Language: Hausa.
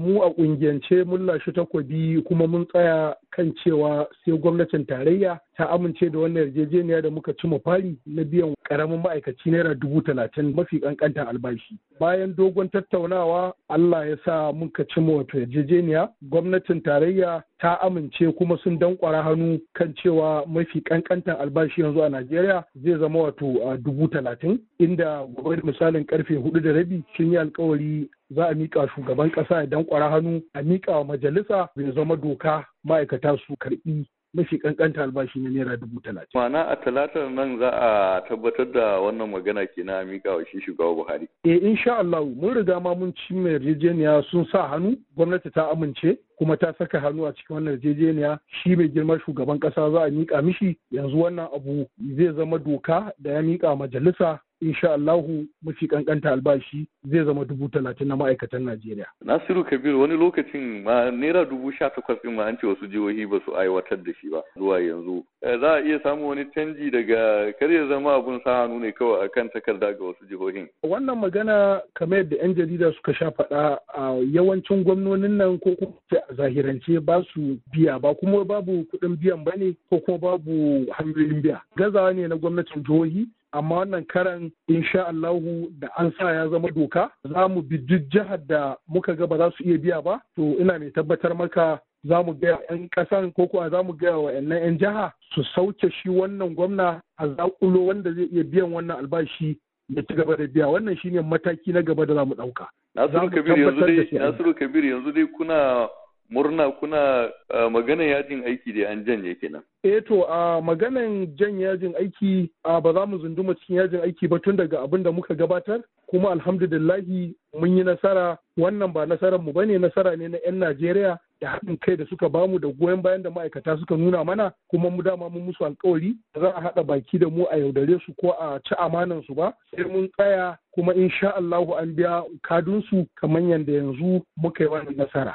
mu a ƙungiyance mun lashe takobi kuma mun tsaya kan cewa sai gwamnatin tarayya ta amince da wannan yarjejeniya da muka ci mu fari na biyan karamin ma'aikaci naira dubu talatin mafi kankantar albashi bayan dogon tattaunawa allah ya sa muka ci mu wato yarjejeniya gwamnatin tarayya ta amince kuma sun dankwara hannu kan cewa mafi kankantan albashi yanzu a Najeriya zai zama wato a dubu talatin inda gobe da misalin karfe hudu da rabi sun yi alkawari za a miƙa shugaban ƙasa ya dankwara hannu a miƙa wa majalisa zai zama doka ma'aikata su karɓi mafi kankanta albashi na naira dubu talatin. Mana a talatar nan za a tabbatar da wannan magana ke na mika wa shi shugaba Buhari. Eh insha Allah mun riga ma mun ci mai yarjejeniya sun sa hannu gwamnati ta amince kuma ta saka hannu a cikin wannan yarjejeniya shi mai girma shugaban ƙasa za a mika mishi yanzu wannan abu zai zama doka da ya mika majalisa insha Allahu mafi kankanta albashi zai zama dubu talatin na ma'aikatan Najeriya. Nasiru Kabir wani lokacin ma naira dubu sha takwas ɗin ma an ce wasu jihohi ba su aiwatar da shi ba zuwa yanzu. Eh, za a iya samun wani canji daga kar ya zama abun sa hannu ne kawai akan takarda ga wasu jihohin. Wannan magana kamar yadda 'yan jarida suka sha faɗa a yawancin gwamnonin nan ko kuma a zahirance ba su biya ba kuma babu kuɗin biyan ba ne ko kuma babu hanyoyin biya. Gazawa ne na gwamnatin jihohi amma wannan karan insha Allahu da an sa ya zama doka za mu bi duk jihar da muka ga ba za su iya biya ba to ina mai tabbatar maka za mu gaya 'yan ƙasan ko kuwa za mu gaya wa 'yan jiha su sauke shi wannan gwamna a zaƙulo wanda zai iya biyan wannan albashi ya ci gaba da biya wannan shine mataki na gaba da za mu ɗauka. Nasiru Kabir yanzu dai kuna murna kuna eh, magana yajin aiki da an janye kenan. Eh to a maganan jan yajin aiki a ba za mu zunduma cikin yajin aiki ba tun daga abin da muka gabatar kuma alhamdulillahi mun yi nasara wannan ba nasarar mu bane nasara ne na 'yan Najeriya da haɗin kai da suka bamu da goyon bayan da ma'aikata suka nuna mana kuma mu dama mun musu alkawari da za a haɗa baki da mu a yaudare su ko a ci amanan su ba sai mun tsaya kuma insha Allahu an biya kadunsu kamar yadda yanzu muka yi wannan nasara.